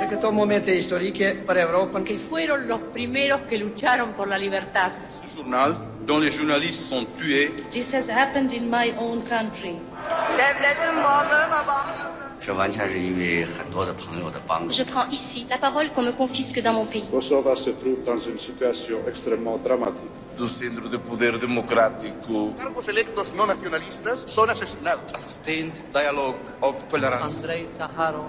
de que todo momento para Europa. Que fueron los primeros que lucharon por la libertad. Este journal, dont les journalistes sont tués. This has happened in my own country. Je prends ici la parole qu'on me confisque dans mon pays. Kosovo se trouve dans une situation extrêmement dramatique. Du centro de poder democrático. Cargos electos non nacionalistas son asesinados. A sustained dialogue of tolerance. Andrei Saharov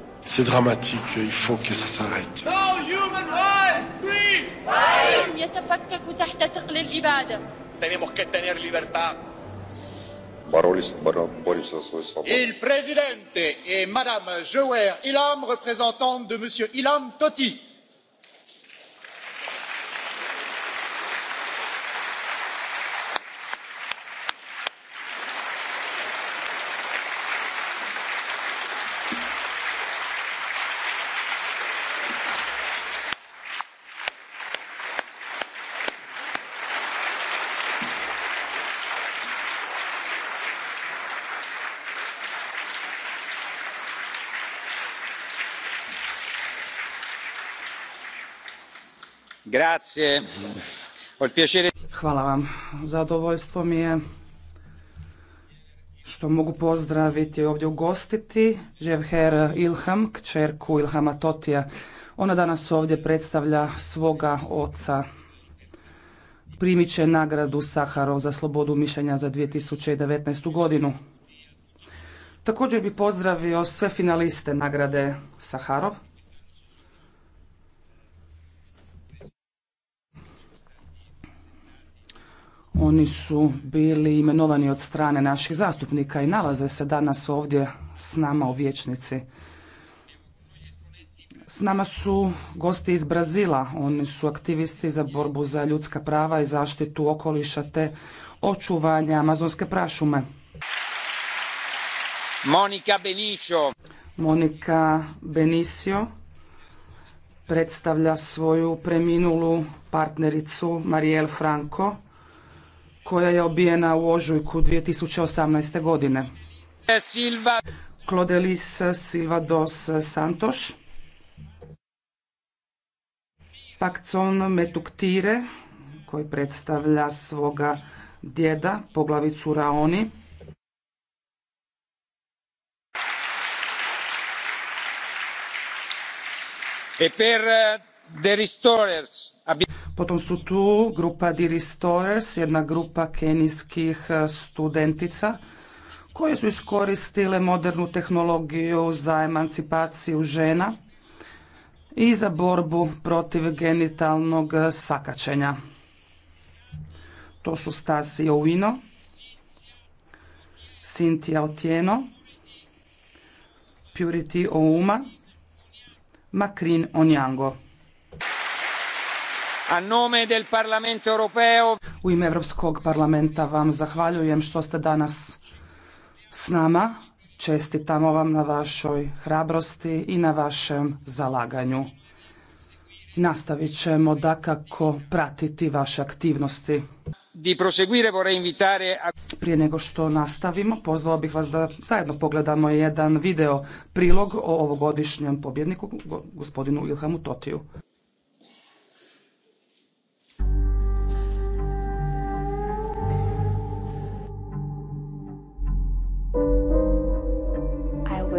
C'est dramatique, il faut que ça s'arrête. تحت Il presidente et madame Jouer Ilham, représentante de monsieur Ilham Toti Hvala vam. Zadovoljstvo mi je što mogu pozdraviti ovdje ugostiti Ževher Ilham, kćerku Ilhama Totija. Ona danas ovdje predstavlja svoga oca. Primit će nagradu Saharov za slobodu mišljenja za 2019. godinu. Također bi pozdravio sve finaliste nagrade Saharov Oni su bili imenovani od strane naših zastupnika i nalaze se danas ovdje s nama u vječnici. S nama su gosti iz Brazila. Oni su aktivisti za borbu za ljudska prava i zaštitu okoliša te očuvanja amazonske prašume. Monika Benicio. Monika Benicio predstavlja svoju preminulu partnericu Marielle Franco koja je obijena u ožujku 2018. godine. Silva. Clodelis dos Santos. Pakcon Metuktire, koji predstavlja svoga djeda, poglavicu Raoni. E per Potom su tu grupa The Restorers, jedna grupa kenijskih e, studentica koje su iskoristile modernu tehnologiju za emancipaciju žena i za borbu protiv genitalnog e, sakačenja. To su stasi Uino, Cynthia Otieno, Purity Ouma, Makrin Onyango. A nome U ime Europskog parlamenta vam zahvaljujem što ste danas s nama. Čestitamo vam na vašoj hrabrosti i na vašem zalaganju. Nastavit ćemo dakako pratiti vaše aktivnosti. Prije nego što nastavimo, pozvao bih vas da zajedno pogledamo jedan video prilog o ovogodišnjem pobjedniku, gospodinu Ilhamu Totiju.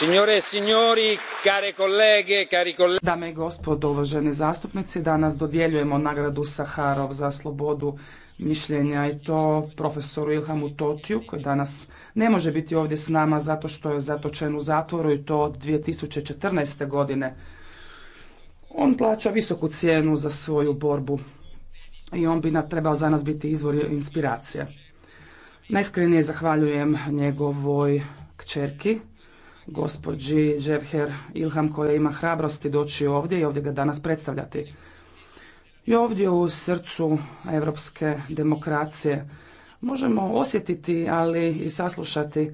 Signore e cari Dame i gospodo, uvaženi zastupnici, danas dodjeljujemo nagradu Saharov za slobodu mišljenja i to profesoru Ilhamu Totiju koji danas ne može biti ovdje s nama zato što je zatočen u zatvoru i to od 2014. godine. On plaća visoku cijenu za svoju borbu i on bi trebao za nas biti izvor inspiracije. najskrenije zahvaljujem njegovoj kćerki gospođi Dževher Ilham koja ima hrabrosti doći ovdje i ovdje ga danas predstavljati. I ovdje u srcu europske demokracije možemo osjetiti, ali i saslušati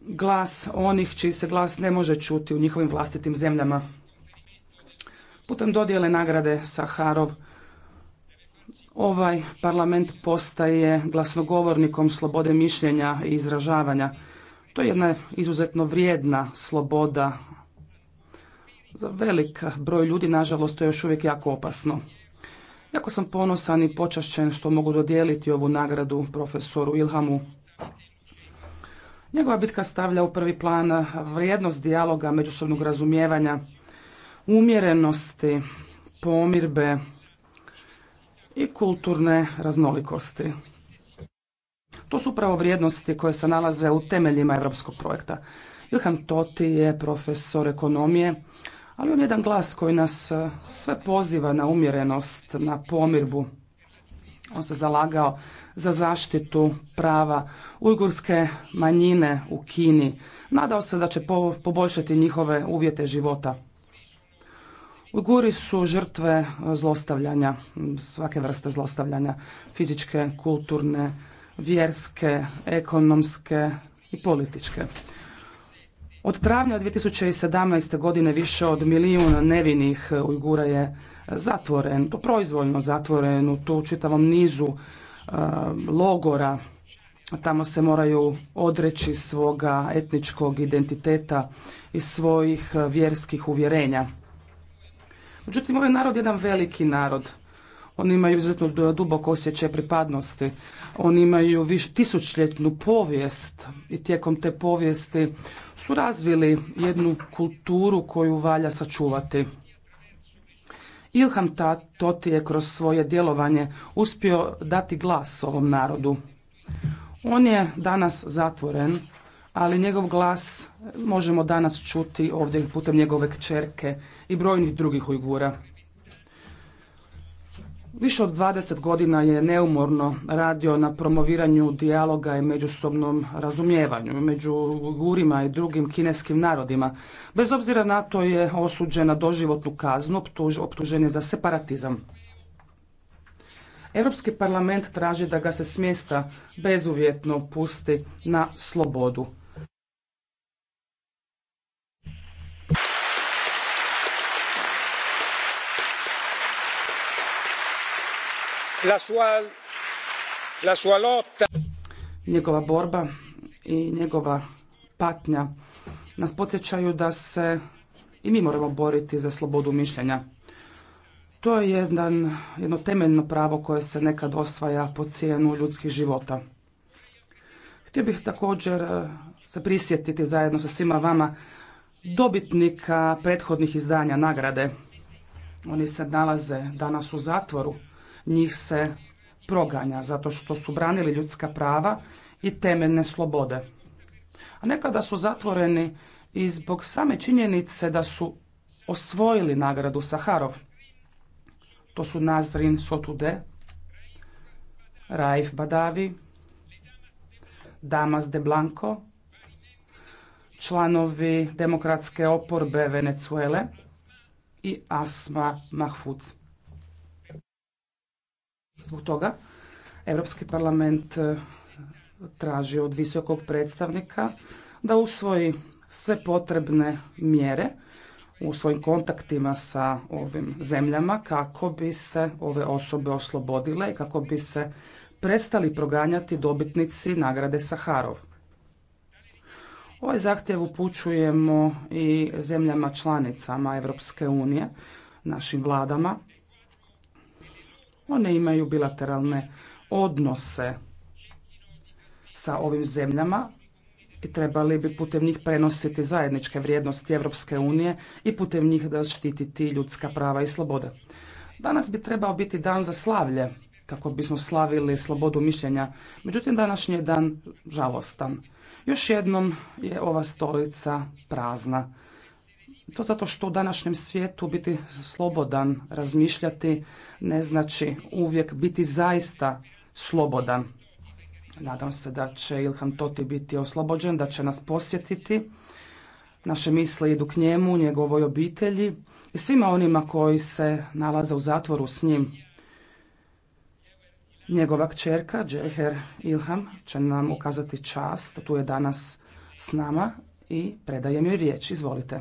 glas onih čiji se glas ne može čuti u njihovim vlastitim zemljama. Putem dodjele nagrade Saharov ovaj parlament postaje glasnogovornikom slobode mišljenja i izražavanja. To je jedna izuzetno vrijedna sloboda. Za velik broj ljudi, nažalost, to je još uvijek jako opasno. Jako sam ponosan i počašćen što mogu dodijeliti ovu nagradu profesoru Ilhamu. Njegova bitka stavlja u prvi plan vrijednost dijaloga, međusobnog razumijevanja, umjerenosti, pomirbe i kulturne raznolikosti. To su upravo vrijednosti koje se nalaze u temeljima europskog projekta. Ilhan Toti je profesor ekonomije, ali on je jedan glas koji nas eh, sve poziva na umjerenost, na pomirbu. On se zalagao za zaštitu prava ujgurske manjine u Kini. Nadao se da će poboljšati njihove uvjete života. Ujguri su žrtve eh, zlostavljanja, svake vrste zlostavljanja, fizičke, kulturne, vjerske, ekonomske i političke. Od travnja 2017. godine više od milijun nevinih Ujgura je zatvoren, to proizvoljno zatvoren u tu čitavom nizu e, logora. Tamo se moraju odreći svoga etničkog identiteta i svojih vjerskih uvjerenja. Međutim, ovaj narod je jedan veliki narod. Oni imaju izuzetno duboko osjećaj pripadnosti. Oni imaju viš, tisućljetnu povijest i tijekom te povijesti su razvili jednu kulturu koju valja sačuvati. Ilham Toti je kroz svoje djelovanje uspio dati glas ovom narodu. On je danas zatvoren, ali njegov glas možemo danas čuti ovdje putem njegove kćerke i brojnih drugih Ujgura. Više od 20 godina je neumorno radio na promoviranju dijaloga i međusobnom razumijevanju među gurima i drugim kineskim narodima. Bez obzira na to je osuđena doživotnu kaznu, optužen je za separatizam. Europski parlament traži da ga se smjesta bezuvjetno pusti na slobodu. Njegova borba i njegova patnja nas podsjećaju da se i mi moramo boriti za slobodu mišljenja. To je jedan, jedno temeljno pravo koje se nekad osvaja po cijenu ljudskih života. Htio bih također e, se prisjetiti zajedno sa svima vama dobitnika prethodnih izdanja nagrade. Oni se nalaze danas u zatvoru njih se proganja zato što su branili ljudska prava i temeljne slobode. A nekada su zatvoreni i zbog same činjenice da su osvojili nagradu Saharov. To su Nazrin Sotude, Raif Badavi, Damas de Blanco, članovi demokratske oporbe Venezuele i Asma Mahfuz. Zbog toga Europski parlament e, traži od visokog predstavnika da usvoji sve potrebne mjere u svojim kontaktima sa ovim zemljama kako bi se ove osobe oslobodile i kako bi se prestali proganjati dobitnici nagrade Saharov. Ovaj zahtjev upućujemo i zemljama članicama Europske unije, našim vladama one imaju bilateralne odnose sa ovim zemljama i trebali bi putem njih prenositi zajedničke vrijednosti Europske unije i putem njih da ti ljudska prava i slobode. Danas bi trebao biti dan za slavlje kako bismo slavili slobodu mišljenja, međutim današnji je dan žalostan. Još jednom je ova stolica prazna. To zato što u današnjem svijetu biti slobodan, razmišljati ne znači uvijek biti zaista slobodan. Nadam se da će Ilham Toti biti oslobođen, da će nas posjetiti. Naše misle idu k njemu, njegovoj obitelji i svima onima koji se nalaze u zatvoru s njim. Njegova kćerka, Džeher Ilham, će nam ukazati čast, tu je danas s nama i predajem joj riječ. Izvolite.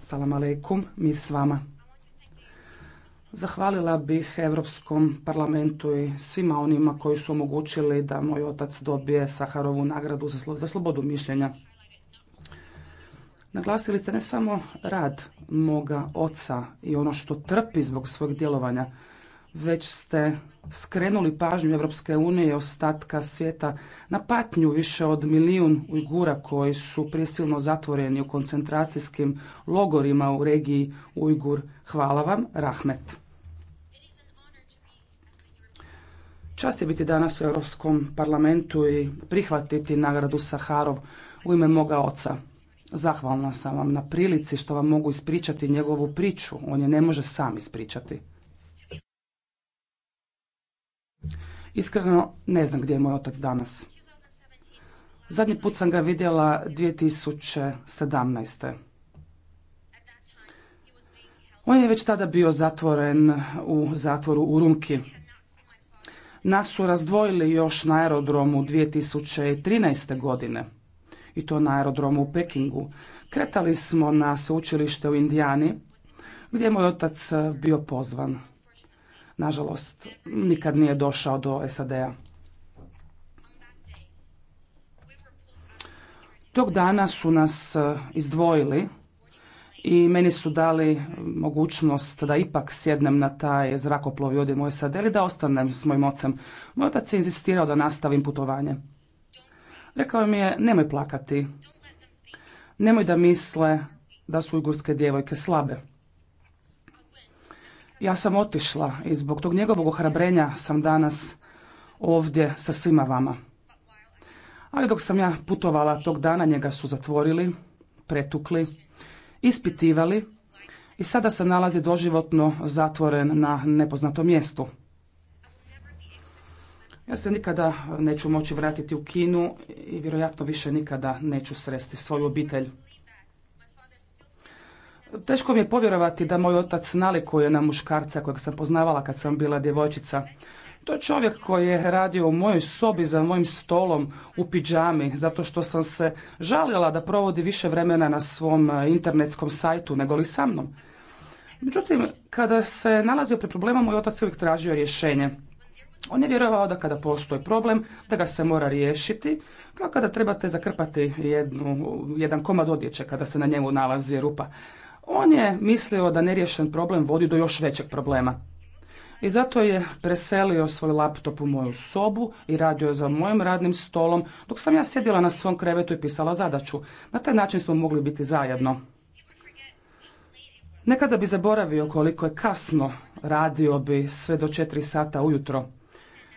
Salam alaikum. s vama. Zahvalila bih Europskom parlamentu i svima onima koji su omogućili da moj otac dobije Saharovu nagradu za slobodu mišljenja. Naglasili ste ne samo rad moga oca i ono što trpi zbog svog djelovanja, već ste skrenuli pažnju Europske unije i ostatka svijeta na patnju više od milijun Ujgura koji su prisilno zatvoreni u koncentracijskim logorima u regiji Ujgur. Hvala vam, Rahmet. Čast je biti danas u Europskom parlamentu i prihvatiti nagradu Saharov u ime moga oca. Zahvalna sam vam na prilici što vam mogu ispričati njegovu priču. On je ne može sam ispričati. Iskreno, ne znam gdje je moj otac danas. Zadnji put sam ga vidjela 2017. On je već tada bio zatvoren u zatvoru u Rumki. Nas su razdvojili još na aerodromu 2013. godine i to na aerodromu u Pekingu. Kretali smo na sveučilište u Indijani gdje je moj otac bio pozvan nažalost, nikad nije došao do SAD-a. Tog dana su nas e, izdvojili i meni su dali e, mogućnost da ipak sjednem na taj zrakoplov i odim u SAD ili da ostanem s mojim ocem. Moj otac je inzistirao da nastavim putovanje. Rekao mi je, nemoj plakati. Nemoj da misle da su ujgurske djevojke slabe. Ja sam otišla i zbog tog njegovog ohrabrenja sam danas ovdje sa svima vama. Ali dok sam ja putovala tog dana, njega su zatvorili, pretukli, ispitivali i sada se nalazi doživotno zatvoren na nepoznatom mjestu. Ja se nikada neću moći vratiti u Kinu i vjerojatno više nikada neću sresti svoju obitelj. Teško mi je povjerovati da moj otac nalikuje na muškarca kojeg sam poznavala kad sam bila djevojčica. To je čovjek koji je radio u mojoj sobi za mojim stolom u piđami zato što sam se žalila da provodi više vremena na svom e, internetskom sajtu nego li sa mnom. Međutim, kada se nalazio pri problema, moj otac uvijek tražio rješenje. On je vjerovao da kada postoji problem, da ga se mora riješiti, kao kada trebate zakrpati jednu, jedan komad odjeće kada se na njemu nalazi rupa. On je mislio da neriješen problem vodi do još većeg problema. I zato je preselio svoj laptop u moju sobu i radio je za mojim radnim stolom, dok sam ja sjedila na svom krevetu i pisala zadaću. Na taj način smo mogli biti zajedno. Nekada bi zaboravio koliko je kasno, radio bi sve do četiri sata ujutro.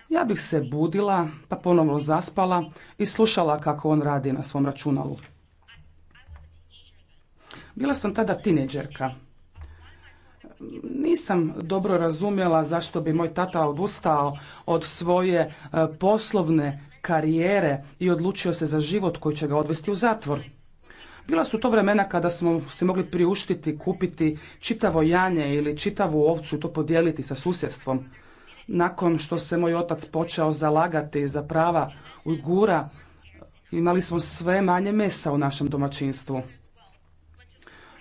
Ja bih se budila, pa ponovno zaspala i slušala kako on radi na svom računalu. Bila sam tada tineđerka. Nisam dobro razumjela zašto bi moj tata odustao od svoje e, poslovne karijere i odlučio se za život koji će ga odvesti u zatvor. Bila su to vremena kada smo se mogli priuštiti, kupiti čitavo janje ili čitavu ovcu i to podijeliti sa susjedstvom. Nakon što se moj otac počeo zalagati za prava Ujgura, imali smo sve manje mesa u našem domaćinstvu.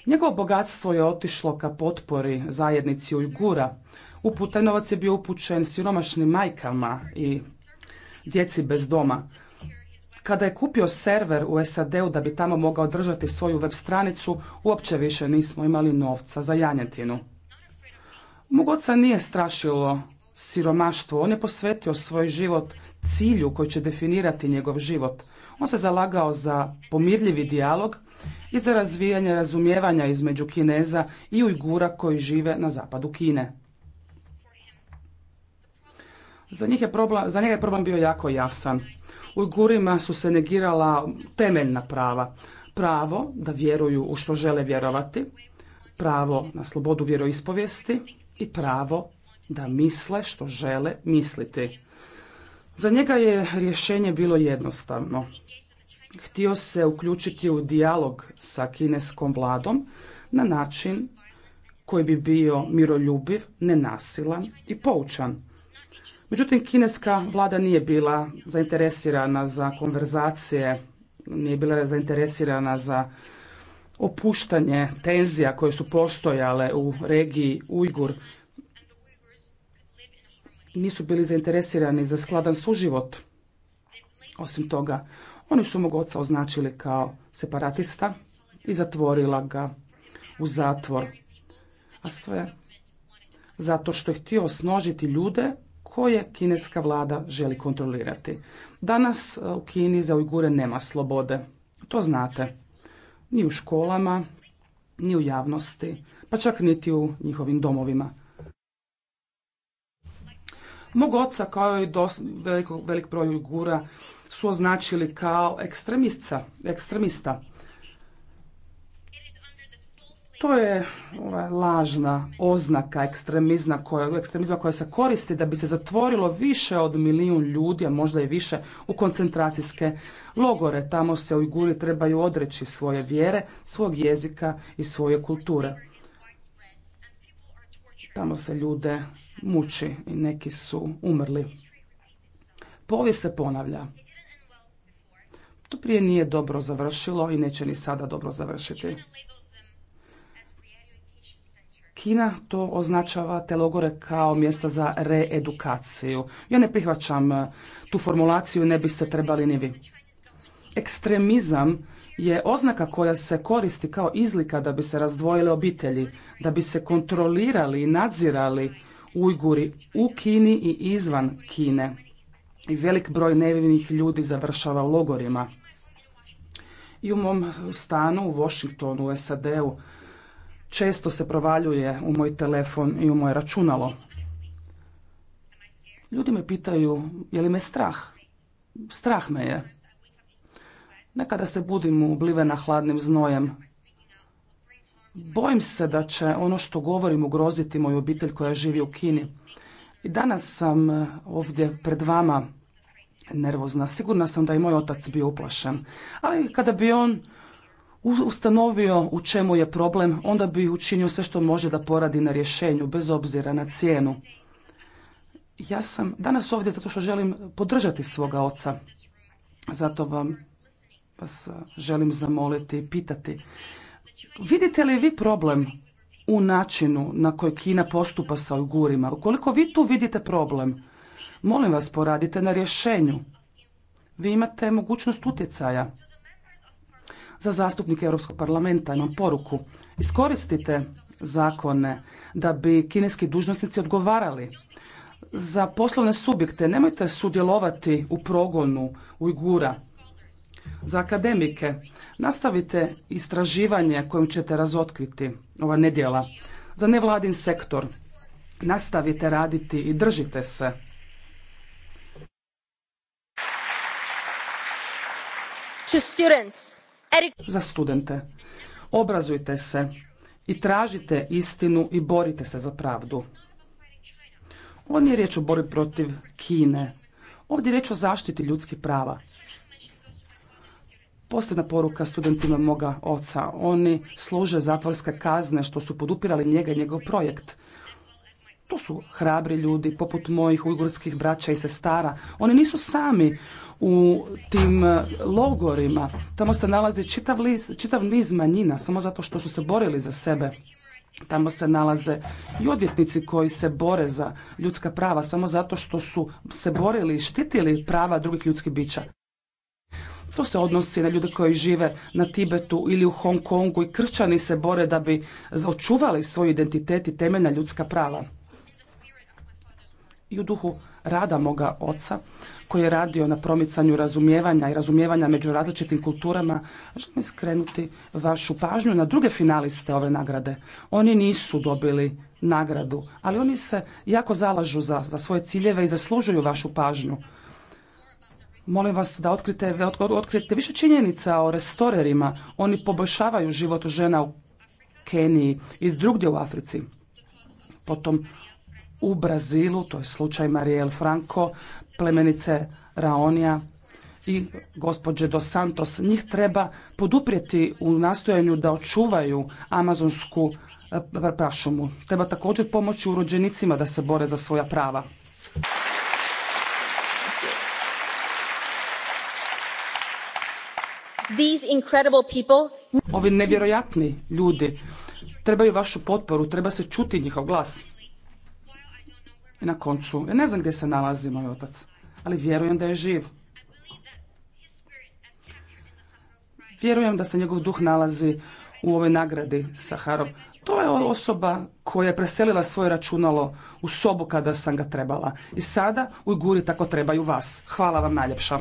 Njegovo bogatstvo je otišlo ka potpori zajednici Ujgura. Uputaj novac je bio upućen siromašnim majkama i djeci bez doma. Kada je kupio server u SAD-u da bi tamo mogao držati svoju web stranicu, uopće više nismo imali novca za janjetinu. Mog nije strašilo siromaštvo, on je posvetio svoj život cilju koji će definirati njegov život. On se zalagao za pomirljivi dijalog i za razvijanje razumijevanja između Kineza i Ujgura koji žive na zapadu Kine. Za, njih je problem, za njega je problem bio jako jasan. Ujgurima su se negirala temeljna prava. Pravo da vjeruju u što žele vjerovati, pravo na slobodu vjeroispovijesti i pravo da misle što žele misliti. Za njega je rješenje bilo jednostavno htio se uključiti u dijalog sa kineskom vladom na način koji bi bio miroljubiv, nenasilan i poučan. Međutim, kineska vlada nije bila zainteresirana za konverzacije, nije bila zainteresirana za opuštanje tenzija koje su postojale u regiji Ujgur. Nisu bili zainteresirani za skladan suživot. Osim toga, oni su mog oca označili kao separatista i zatvorila ga u zatvor. A sve zato što je htio osnožiti ljude koje kineska vlada želi kontrolirati. Danas e, u Kini za Ujgure nema slobode. To znate. Ni u školama, ni u javnosti, pa čak niti u njihovim domovima. Mog oca, kao i velik broj Ujgura, su označili kao ekstremista. To je lažna oznaka ekstremizma koja, ekstremizma koja se koristi da bi se zatvorilo više od milijun ljudi, a možda i više, u koncentracijske logore. Tamo se Ujguri trebaju odreći svoje vjere, svog jezika i svoje kulture. Tamo se ljude muči i neki su umrli. Povijest se ponavlja prije nije dobro završilo i neće ni sada dobro završiti. Kina to označava te logore kao mjesta za reedukaciju. Ja ne prihvaćam e, tu formulaciju, ne biste trebali ni vi. Ekstremizam je oznaka koja se koristi kao izlika da bi se razdvojile obitelji, da bi se kontrolirali i nadzirali Ujguri u Kini i izvan Kine. I velik broj nevinih ljudi završava u logorima i u mom stanu u Washingtonu u SAD-u često se provaljuje u moj telefon i u moje računalo. Ljudi me pitaju je li me strah? Strah me je. Nekada se budim ublivena hladnim znojem. Bojim se da će ono što govorim ugroziti moju obitelj koja živi u Kini. I danas sam eh, ovdje pred vama nervozna. Sigurna sam da je moj otac bio uplašen. Ali kada bi on ustanovio u čemu je problem, onda bi učinio sve što može da poradi na rješenju, bez obzira na cijenu. Ja sam danas ovdje zato što želim podržati svoga oca. Zato vam vas eh, želim zamoliti i pitati. Vidite li vi problem u načinu na koji Kina postupa sa Ujgurima? Ukoliko vi tu vidite problem, Molim vas, poradite na rješenju. Vi imate mogućnost utjecaja. Za zastupnike Europskog parlamenta imam poruku. Iskoristite zakone da bi kineski dužnosnici odgovarali za poslovne subjekte nemojte sudjelovati u progonu Ujgura. Za akademike nastavite istraživanje kojim ćete razotkriti ova nedjela. Za nevladin sektor nastavite raditi i držite se. Za studente. Obrazujte se i tražite istinu i borite se za pravdu. Ovo nije riječ o borbi protiv Kine. Ovdje je riječ o zaštiti ljudskih prava. Posljedna poruka studentima moga oca. Oni služe zatvorske kazne što su podupirali njega i njegov projekt. To su hrabri ljudi poput mojih ujgurskih braća i sestara. Oni nisu sami u tim e, logorima. Tamo se nalazi čitav, čitav niz manjina samo zato što su se borili za sebe. Tamo se nalaze i odvjetnici koji se bore za ljudska prava samo zato što su se borili i štitili prava drugih ljudskih bića. To se odnosi na ljude koji žive na Tibetu ili u Hong Kongu i kršćani se bore da bi očuvali svoj identitet i temeljna ljudska prava i u duhu rada moga oca koji je radio na promicanju razumijevanja i razumijevanja među različitim kulturama, želim skrenuti vašu pažnju na druge finaliste ove nagrade. Oni nisu dobili nagradu, ali oni se jako zalažu za, za svoje ciljeve i zaslužuju vašu pažnju. Molim vas da otkrite otkrijete više činjenica o restorerima. Oni poboljšavaju život žena u Keniji i drugdje u Africi. Potom u Brazilu, to je slučaj Marijel Franco, plemenice Raonia i gospođe Dos Santos. Njih treba poduprijeti u nastojanju da očuvaju amazonsku e, prašumu. Treba također pomoći urođenicima da se bore za svoja prava. Ovi nevjerojatni ljudi trebaju vašu potporu, treba se čuti njihov glas. I na koncu, ja ne znam gdje se nalazi moj otac, ali vjerujem da je živ. Vjerujem da se njegov duh nalazi u ovoj nagradi Saharov. To je osoba koja je preselila svoje računalo u sobu kada sam ga trebala. I sada Ujguri tako trebaju vas. Hvala vam najljepša.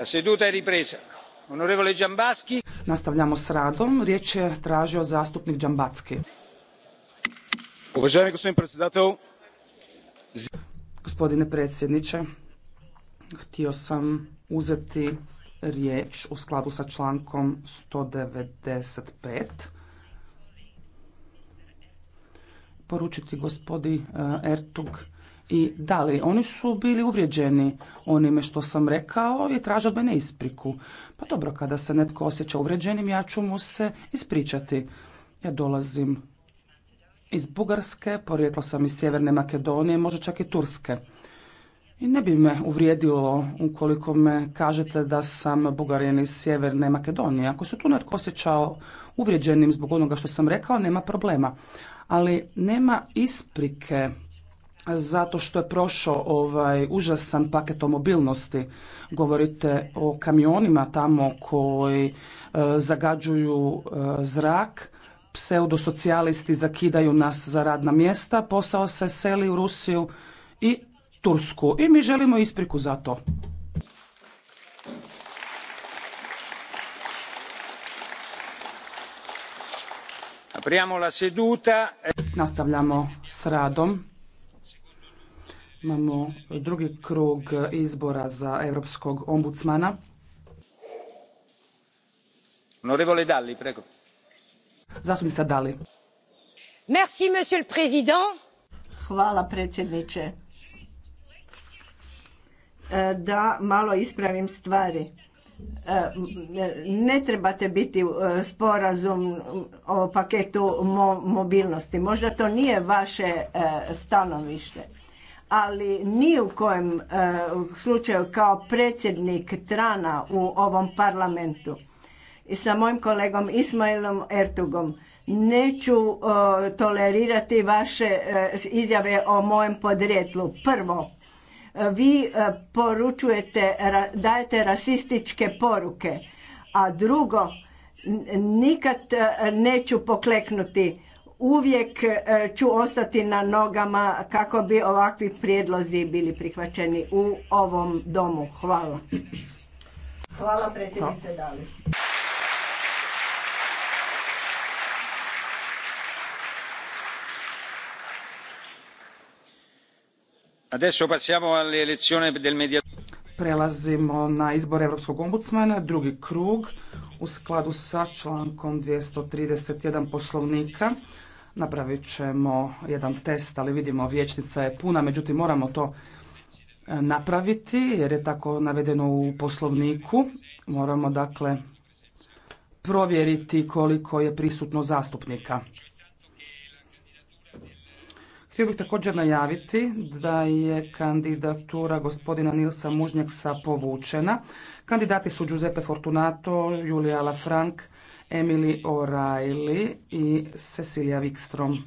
La seduta è ripresa. Onorevole Nastavljamo s radom. Riječ je tražio zastupnik Giambaschi. Uvaženi gospodin Gospodine predsjedniče, htio sam uzeti riječ u skladu sa člankom 195 poručiti gospodi eh, Ertug i da li? Oni su bili uvrijeđeni onime što sam rekao i traže od mene ispriku. Pa dobro, kada se netko osjeća uvrijeđenim, ja ću mu se ispričati. Ja dolazim iz Bugarske, porijeklo sam iz Sjeverne Makedonije, možda čak i Turske. I ne bi me uvrijedilo ukoliko me kažete da sam Bugarin iz Sjeverne Makedonije. Ako se tu netko osjećao uvrijeđenim zbog onoga što sam rekao, nema problema. Ali nema isprike zato što je prošao ovaj užasan paket o mobilnosti. Govorite o kamionima tamo koji e, zagađuju e, zrak, pseudosocijalisti zakidaju nas za radna mjesta, posao se seli u Rusiju i Tursku i mi želimo ispriku za to. Nastavljamo s radom. Imamo drugi krug izbora za europskog ombudsmana. Onorevole Dalli, prego. Zastupnica Dali. Merci, monsieur le président. Hvala predsjedniče. E, da malo ispravim stvari. E, ne trebate biti e, sporazum o paketu mobilnosti. Možda to nije vaše stanovište ali ni u kojem e, slučaju kao predsjednik Trana u ovom parlamentu i sa mojim kolegom Ismailom Ertugom neću e, tolerirati vaše e, izjave o mojem podrijetlu. Prvo, vi poručujete, dajete rasističke poruke, a drugo, nikad neću pokleknuti uvijek e, ću ostati na nogama kako bi ovakvi prijedlozi bili prihvaćeni u ovom domu. Hvala. Hvala predsjednice Dali. Adesso passiamo alle del Prelazimo na izbor Europskog ombudsmana, drugi krug u skladu sa člankom 231 poslovnika. Napravit ćemo jedan test, ali vidimo vječnica je puna, međutim moramo to e, napraviti jer je tako navedeno u poslovniku. Moramo dakle provjeriti koliko je prisutno zastupnika. Htio bih također najaviti da je kandidatura gospodina Nilsa Mužnjaksa povučena. Kandidati su Giuseppe Fortunato, Julija Lafranc, Emily O'Reilly i Cecilia Wikstrom.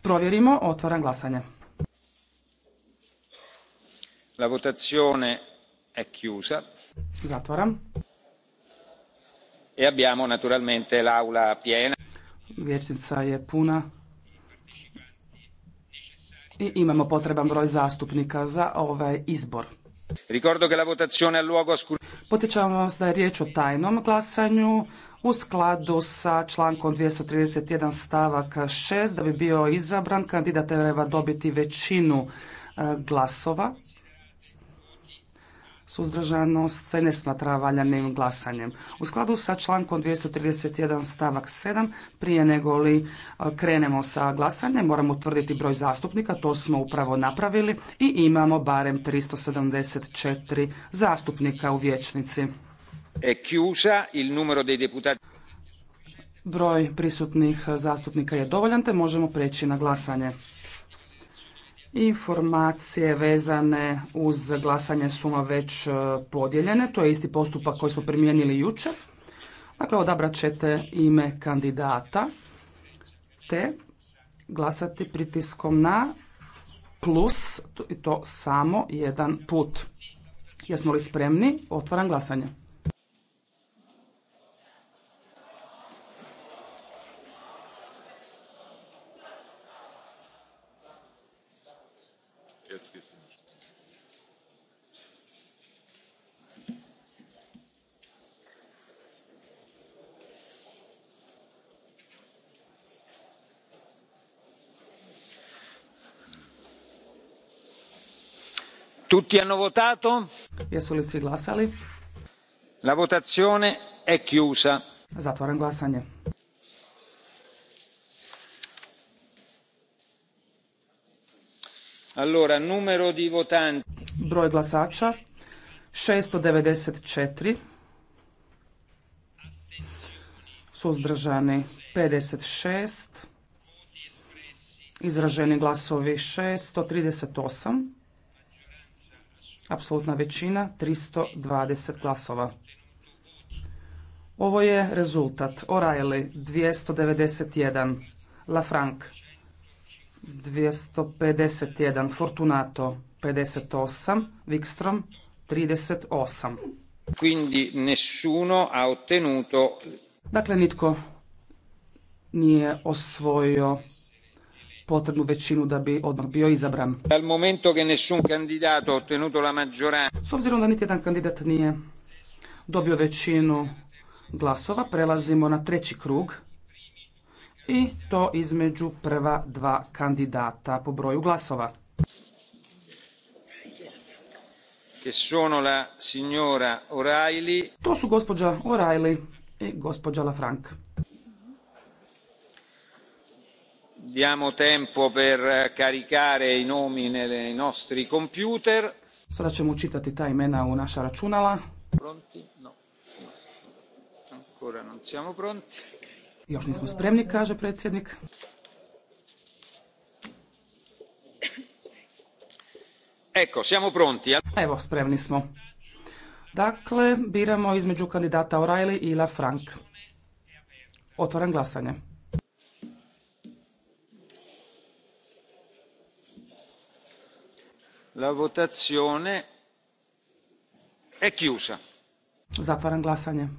Provjerimo, otvaram glasanje. La votazione è chiusa. Zatvaram. E abbiamo naturalmente l'aula piena. Vijećnica je puna. I imamo potreban broj zastupnika za ovaj izbor. Podsjećam vas da je riječ o tajnom glasanju u skladu sa člankom 231 stavak 6 da bi bio izabran kandidat treba dobiti većinu e, glasova. Suzdržanost se ne smatra valjanim glasanjem. U skladu sa člankom 231 stavak 7 prije nego li e, krenemo sa glasanjem moramo utvrditi broj zastupnika, to smo upravo napravili i imamo barem 374 zastupnika u vijećnici. Broj prisutnih e, zastupnika je dovoljan te možemo preći na glasanje informacije vezane uz glasanje suma već e, podijeljene. To je isti postupak koji smo primijenili jučer. Dakle, odabrat ćete ime kandidata te glasati pritiskom na plus i to samo jedan put. Jesmo li spremni? Otvaram glasanje. Tutti hanno votato? Jesu li svi glasali? La votazione è chiusa. Zatvaram glasanje. Allora, numero di votanti. Broj glasača 694. Suzdržani 56. Izraženi glasovi 638 apsolutna većina 320 glasova. Ovo je rezultat. O'Reilly 291, LaFranc 251, Fortunato 58, Wikstrom 38. Quindi nessuno ha ottenuto Dakle, nitko nije osvojio potrebnu većinu da bi odmah bio izabran. Al momento che nessun candidato ha ottenuto la maggioranza. S obzirom da niti jedan kandidat nije dobio većinu glasova, prelazimo na treći krug i to između prva dva kandidata po broju glasova. Che sono la signora O'Reilly. To su gospođa O'Reilly i gospođa LaFranc. diamo tempo per caricare i nomi nei nostri computer. Sada ćemo učitati ta imena u naša računala. Pronti? No. Ancora non siamo pronti. Još nismo spremni, kaže predsjednik. Eko, siamo pronti. Evo, spremni smo. Dakle, biramo između kandidata O'Reilly i LaFranc. Otvaram glasanje. La votazione è chiusa. Zatvaram glasanje.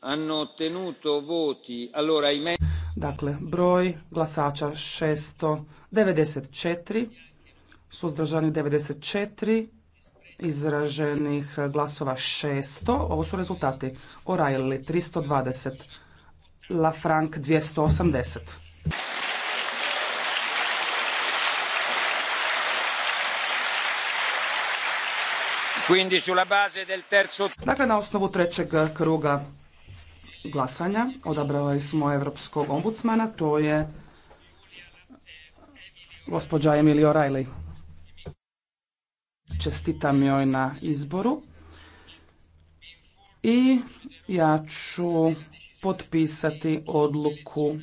Hanno ottenuto voti. Allora, i Dakle, broj glasača 694, suzdržani 94, izraženih glasova 600. Ovo su rezultati. O'Reilly 320, Lafranc 280. Quindi sulla base del terzo... Dakle, na osnovu trećeg kruga glasanja odabrali smo Evropskog ombudsmana, to je gospođa Emilio O'Reilly. Čestitam joj na izboru i ja ću potpisati odluku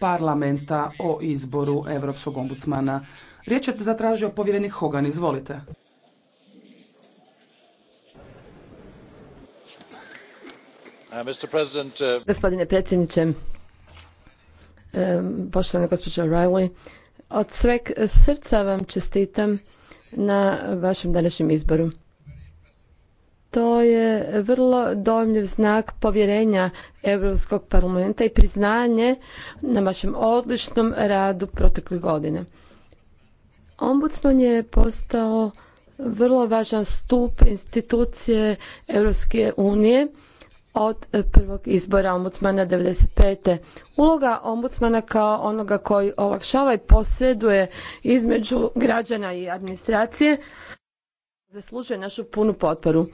parlamenta o izboru Europskog ombudsmana. Riječ je zatražio povjerenik Hogan, izvolite. Uh, uh, Gospodine predsjedniče, um, poštovana gospođo Riley, od sveg srca vam čestitam na vašem današnjem izboru to je vrlo dojmljiv znak povjerenja Europskog parlamenta i priznanje na vašem odličnom radu protekle godine. Ombudsman je postao vrlo važan stup institucije Europske unije od prvog izbora ombudsmana 95. Uloga ombudsmana kao onoga koji olakšava i posreduje između građana i administracije zaslužuje našu punu potporu.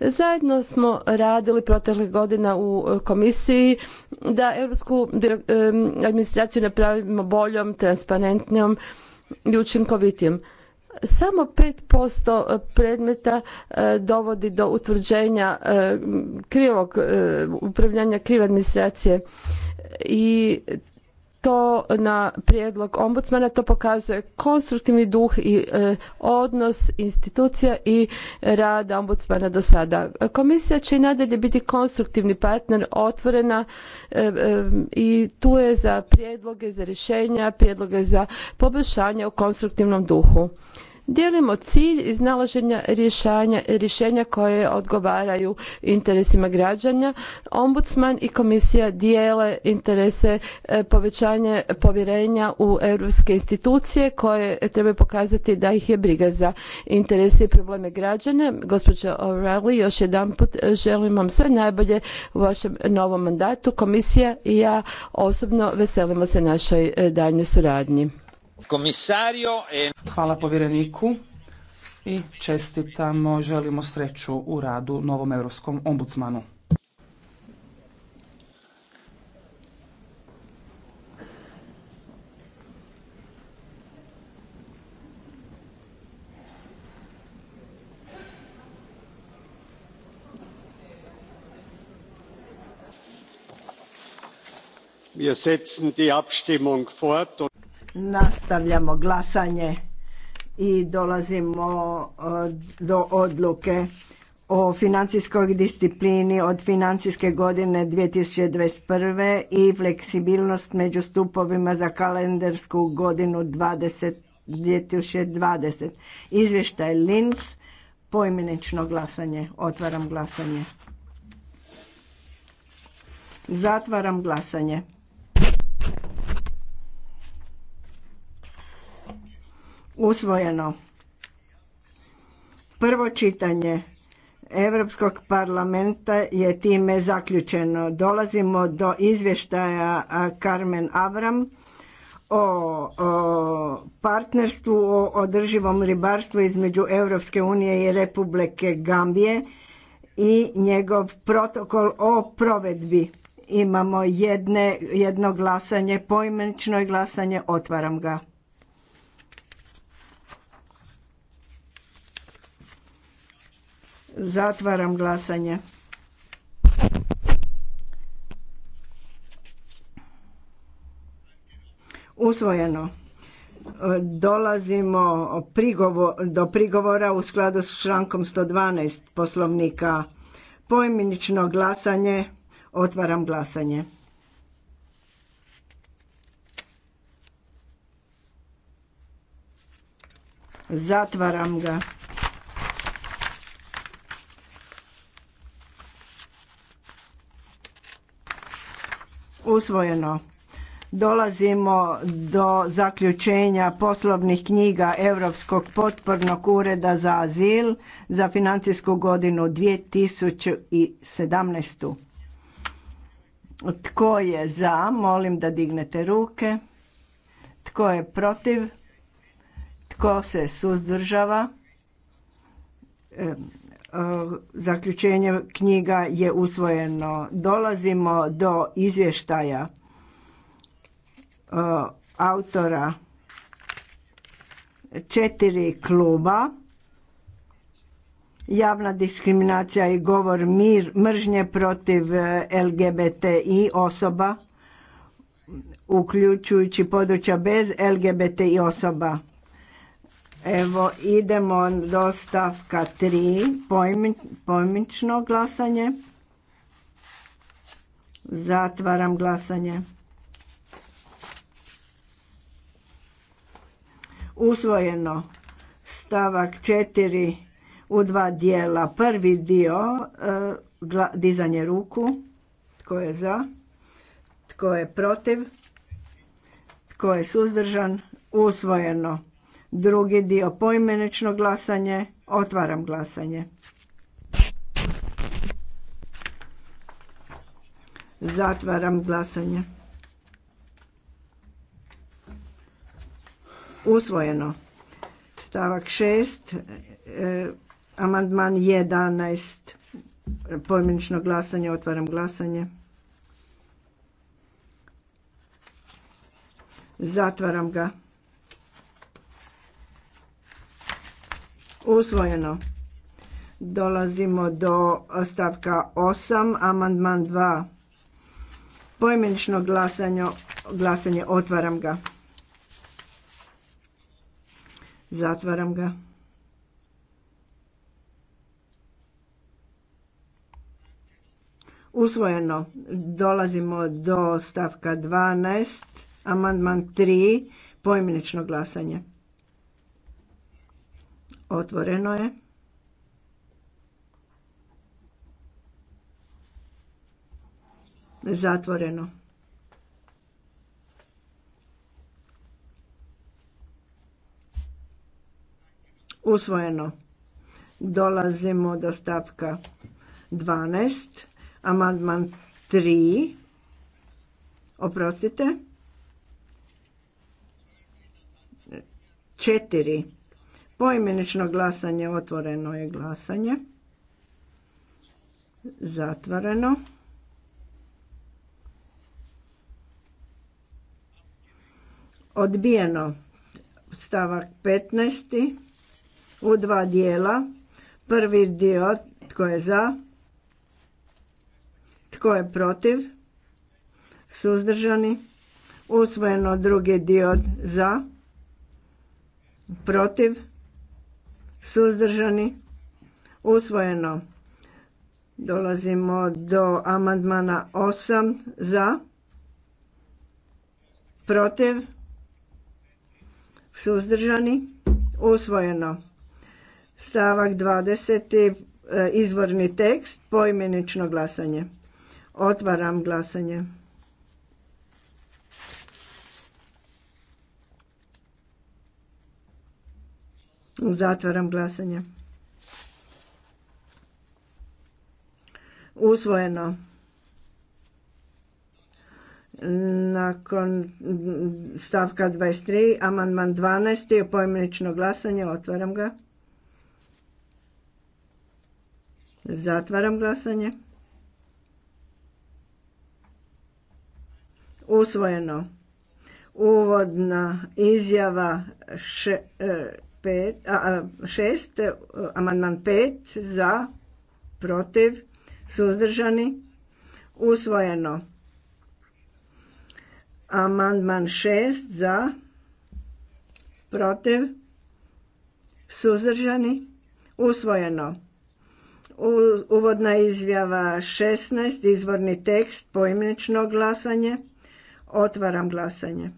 Zajedno smo radili proteklih godina u e, komisiji da europsku e, administraciju napravimo boljom, transparentnijom i učinkovitijom. Samo 5% e, predmeta dovodi do utvrđenja krivog upravljanja krive administracije i to na prijedlog ombudsmana to pokazuje konstruktivni duh i e, odnos institucija i rada ombudsmana do sada. Komisija će i nadalje biti konstruktivni partner, otvorena e, e, i tu je za prijedloge, za rješenja, prijedloge za poboljšanje u konstruktivnom duhu. Dijelimo cilj iznalaženja rješanja, rješenja koje odgovaraju interesima građanja. Ombudsman i komisija dijele interese e, povećanje povjerenja u europske institucije koje trebaju pokazati da ih je briga za interese i probleme građana. Gospođo O'Reilly, još jedanput e, želim vam sve najbolje u vašem novom mandatu. Komisija i ja osobno veselimo se našoj e, daljnjoj suradnji. Eh, Hvala povjereniku i čestitamo, želimo sreću u radu novom europskom ombudsmanu. Wir setzen die Abstimmung fort. Nastavljamo glasanje i dolazimo e, do odluke o financijskoj disciplini od financijske godine 2021. i fleksibilnost među stupovima za kalendarsku godinu 20, 2020. Izvještaj LINS, poimenično glasanje. Otvaram glasanje. Zatvaram glasanje. usvojeno. Prvo čitanje Europskog parlamenta je time zaključeno. Dolazimo do izvještaja Carmen Avram o, partnerstvu o održivom ribarstvu između Europske unije i Republike Gambije i njegov protokol o provedbi. Imamo jedno glasanje, poimenično glasanje, otvaram ga. Zatvaram glasanje. Usvojeno. Dolazimo do prigovora u skladu s člankom 112 poslovnika. Pojminično glasanje. Otvaram glasanje. Zatvaram ga. usvojeno. Dolazimo do zaključenja poslovnih knjiga Europskog potpornog ureda za azil za financijsku godinu 2017. Tko je za? Molim da dignete ruke. Tko je protiv? Tko se suzdržava? Eh, zaključenje knjiga je usvojeno. Dolazimo do izvještaja eh, autora četiri kluba. Javna diskriminacija i govor mir, mržnje protiv eh, LGBTI osoba, uključujući područja bez LGBTI osoba. Evo, idemo do stavka 3, pojmično glasanje. Zatvaram glasanje. Usvojeno stavak 4 u dva dijela. Prvi dio, e, dizanje ruku. Tko je za? Tko je protiv? Tko je suzdržan? Usvojeno Drugi dio poimenično glasanje. Otvaram glasanje. Zatvaram glasanje. Usvojeno. Stavak 6. E, amandman 11. Pojmenično glasanje. Otvaram glasanje. Zatvaram ga. Usvojeno. Dolazimo do stavka 8, amandman 2. pojmenično glasanje, glasanje otvaram ga. Zatvaram ga. Usvojeno. Dolazimo do stavka 12, amandman 3, pojmenično glasanje. Otvoreno je. Zatvoreno. Usvojeno. Dolazimo do stavka 12. Amandman 3. Oprostite. 4. Poimenično glasanje, otvoreno je glasanje. Zatvoreno. Odbijeno stavak 15. u dva dijela. Prvi dio tko je za, tko je protiv, suzdržani. Usvojeno drugi dio za, protiv, suzdržani, usvojeno. Dolazimo do amandmana 8 za, protiv, suzdržani, usvojeno. Stavak 20. E, izvorni tekst, poimenično glasanje. Otvaram glasanje. Zatvaram glasanje. Usvojeno. Nakon stavka 23, amandman 12 je pojmenično glasanje. Otvaram ga. Zatvaram glasanje. Usvojeno. Uvodna izjava eh, pet e, amandman 5 za, protiv, suzdržani, usvojeno. Amandman 6 za, protiv, suzdržani, usvojeno. uvodna izjava 16, izvorni tekst, poimenično glasanje. Otvaram glasanje.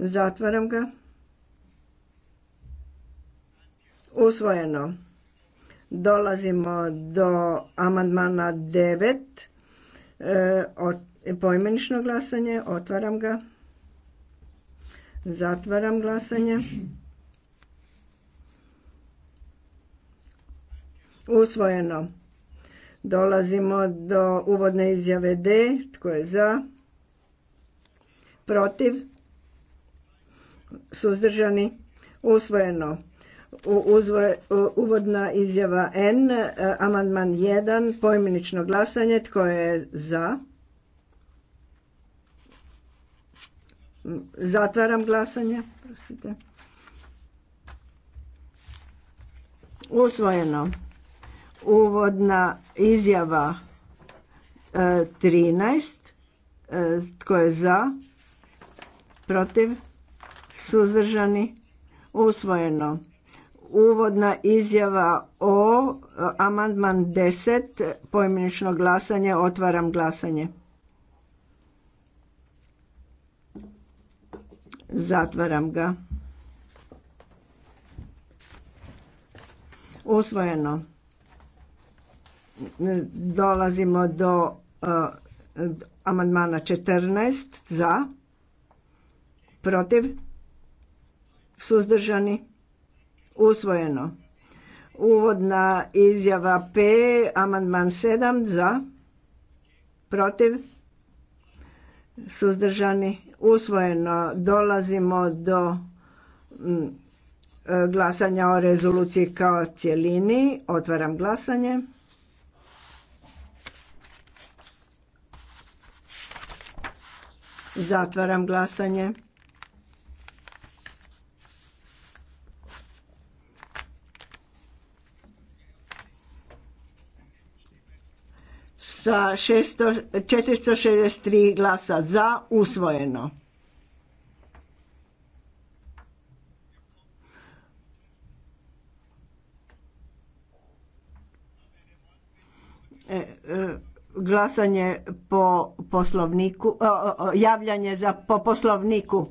Zatvaram ga. Usvojeno. Dolazimo do amandmana 9. E, Pojmenično glasanje. Otvaram ga. Zatvaram glasanje. Usvojeno. Dolazimo do uvodne izjave D. Tko je za? Protiv? suzdržani, usvojeno. uvodna izjava N, e, amandman 1, pojmenično glasanje, tko je za? Zatvaram glasanje, prosite. Usvojeno. Uvodna izjava 13, e, e, tko je za? Protiv? suzdržani, usvojeno. Uvodna izjava o e, amandman 10, pojmenično glasanje, otvaram glasanje. Zatvaram ga. Usvojeno. Dolazimo do e, amandmana 14 za protiv suzdržani, usvojeno. Uvodna izjava P, amandman 7 za, protiv, suzdržani, usvojeno. Dolazimo do mm, glasanja o rezoluciji kao cjelini. Otvaram glasanje. Zatvaram glasanje. sa 600, 463 glasa za usvojeno. E, e, glasanje po poslovniku, javljanje za po poslovniku.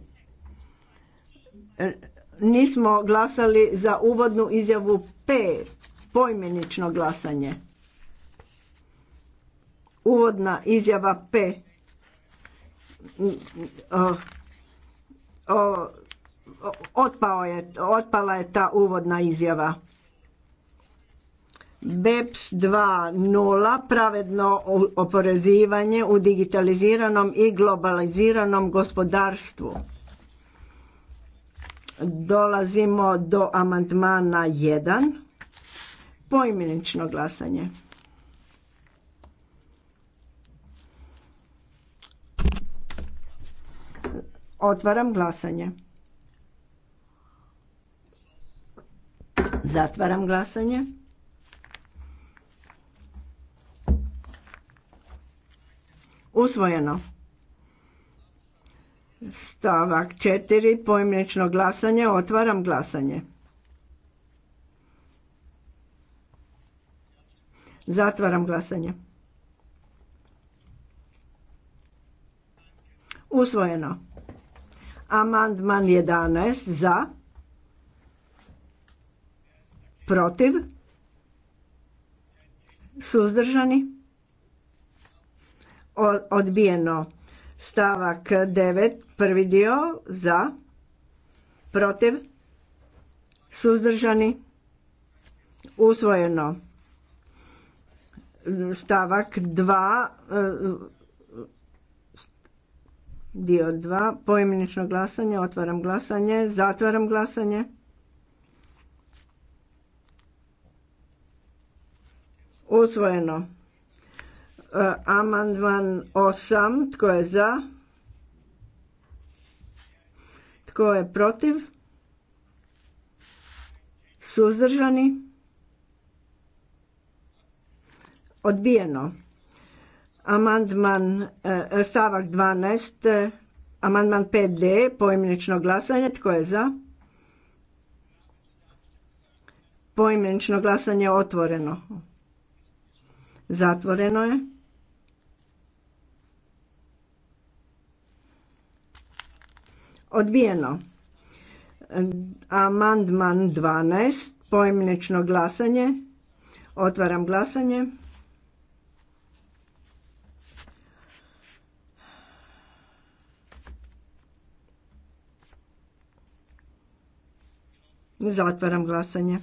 E, nismo glasali za uvodnu izjavu P, poimenično glasanje. Uvodna izjava P. je, otpala je ta uvodna izjava. BEPS 2.0 pravedno oporezivanje u digitaliziranom i globaliziranom gospodarstvu. Dolazimo do amandmana 1. Poimenično glasanje. Otvaram glasanje. Zatvaram glasanje. Usvojeno. Stavak 4. Pojmično glasanje. Otvaram glasanje. Zatvaram glasanje. Usvojeno. Amandman 11 za, protiv, suzdržani, odbijeno. Stavak 9, prvi dio za, protiv, suzdržani, usvojeno. Stavak 2 Dio 2. Poimenično glasanje. Otvaram glasanje. Zatvaram glasanje. Usvojeno. E, amandman 8. Tko je za? Tko je protiv? Suzdržani? Odbijeno. Amandman e, stavak 12, e, amandman 5D, poimenično glasanje, tko je za? Poimenično glasanje otvoreno. Zatvoreno je. Odbijeno. Amandman 12, poimenično glasanje, otvaram glasanje. Zatvaram glasanje.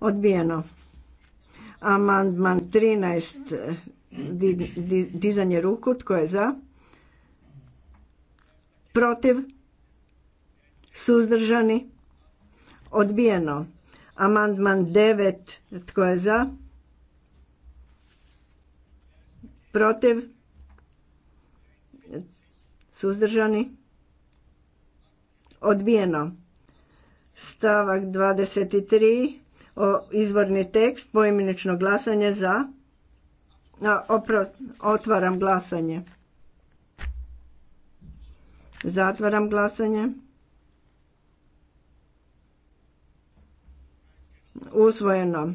Odbijeno. Amandman 13. dizanje ruku. Tko je za? Protiv? Suzdržani? Odbijeno. Amandman 9. Tko je za? Protiv? Suzdržani? odbijeno. Stavak 23. O, izvorni tekst, poimenično glasanje za. A, otvaram glasanje. Zatvaram glasanje. Usvojeno.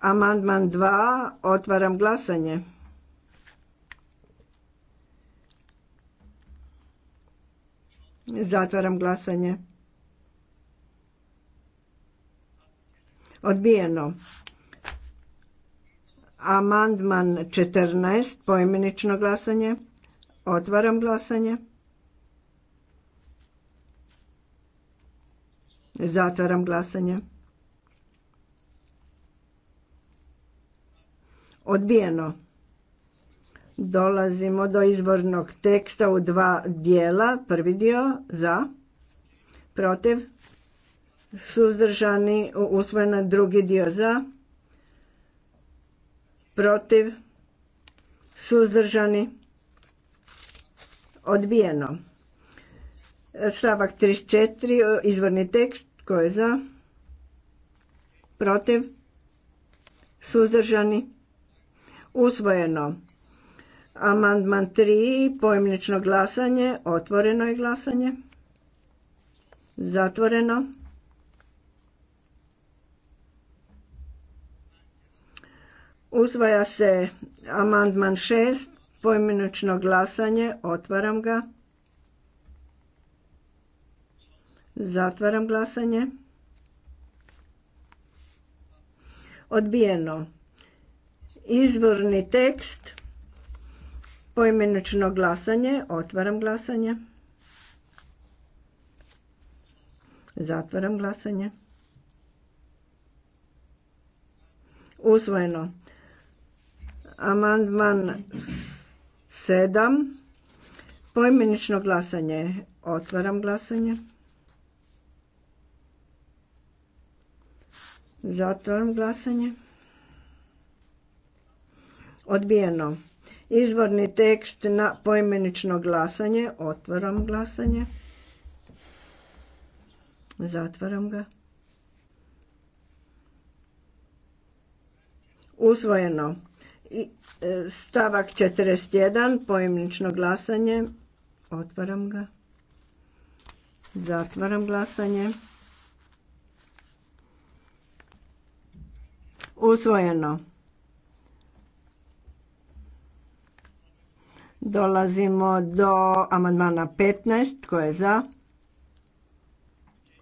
Amandman 2. Otvaram glasanje. Zatvaram glasanje. Odbijeno. Amandman 14, poimenično glasanje. Otvaram glasanje. Zatvaram glasanje. Odbijeno. Dolazimo do izvornog teksta u dva dijela. Prvi dio za, protiv, suzdržani, usvojena drugi dio za, protiv, suzdržani, odbijeno. Stavak 34, izvorni tekst, koji je za, protiv, suzdržani, usvojeno. Amandman 3, Pojemnično glasanje, otvoreno je glasanje. Zatvoreno. Uzvaja se amandman 6, poimenično glasanje, otvaram ga. Zatvaram glasanje. Odbijeno. Izvorni tekst Poimenično glasanje, otvaram glasanje. Zatvaram glasanje. Usvojeno. Amandman 7. Poimenično glasanje. Otvaram glasanje. Zatvaram glasanje. Odbijeno. Izvorni tekst na poimenično glasanje. Otvaram glasanje. Zatvaram ga. Usvojeno. E, stavak 41. Poimenično glasanje. Otvaram ga. Zatvaram glasanje. Usvojeno. Dolazimo do amandmana 15. Tko je za?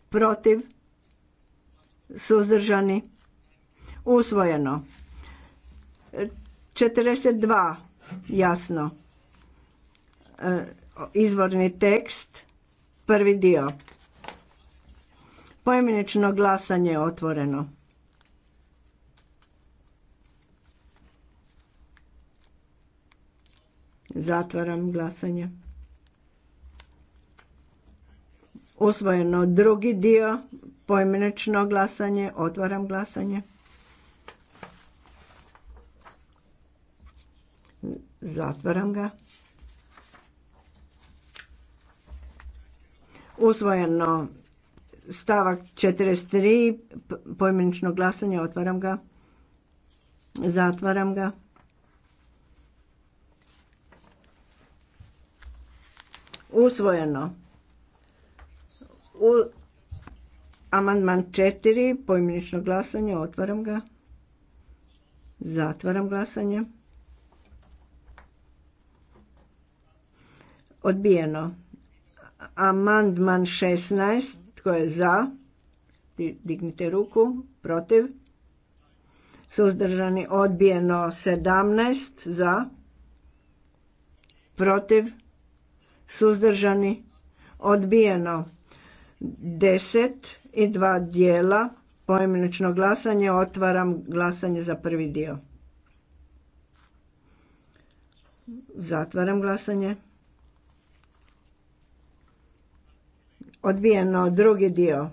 Protiv? Suzdržani? Usvojeno. 42. Jasno. E, izvorni tekst. Prvi dio. Pojmenično glasanje je otvoreno. Zatvaram glasanje. Usvojeno drugi dio, poimenično glasanje, otvaram glasanje. Zatvaram ga. Usvojeno stavak 43, poimenično glasanje, otvaram ga. Zatvaram ga. usvojeno. U amandman 4, pojmenično glasanje, otvaram ga. Zatvaram glasanje. Odbijeno. Amandman 16, tko je za? Dignite ruku. Protiv? Suzdržani odbijeno 17 za. Protiv? suzdržani, odbijeno. deset i dva dijela, poimenično glasanje, otvaram glasanje za prvi dio. Zatvaram glasanje. Odbijeno drugi dio.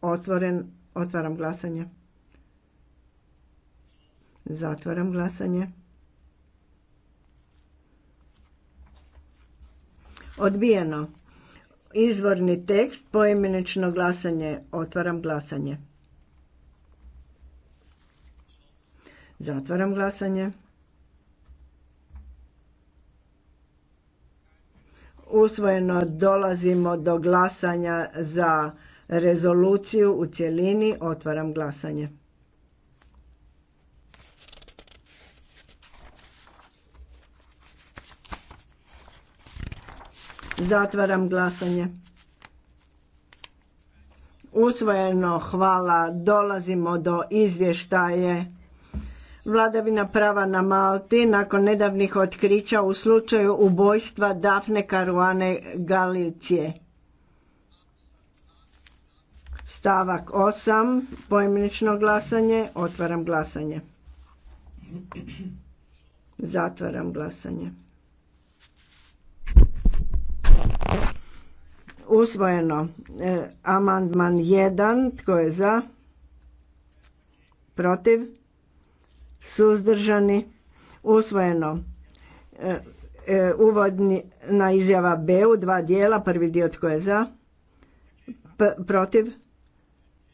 Otvoren, otvaram glasanje. Zatvaram glasanje. Odbijeno. Izvorni tekst, poimenično glasanje. Otvaram glasanje. Zatvaram glasanje. Usvojeno dolazimo do glasanja za rezoluciju u cjelini. Otvaram glasanje. Zatvaram glasanje. Usvojeno, hvala. Dolazimo do izvještaje. Vladavina prava na Malti nakon nedavnih otkrića u slučaju ubojstva Dafne Karuane Galicije. Stavak 8. Pojmenično glasanje. Otvaram glasanje. Zatvaram glasanje. usvojeno e, amandman 1 tko je za protiv suzdržani usvojeno e, e, uvodna izjava B u dva dijela prvi dio tko je za protiv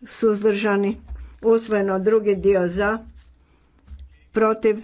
suzdržani usvojeno drugi dio za protiv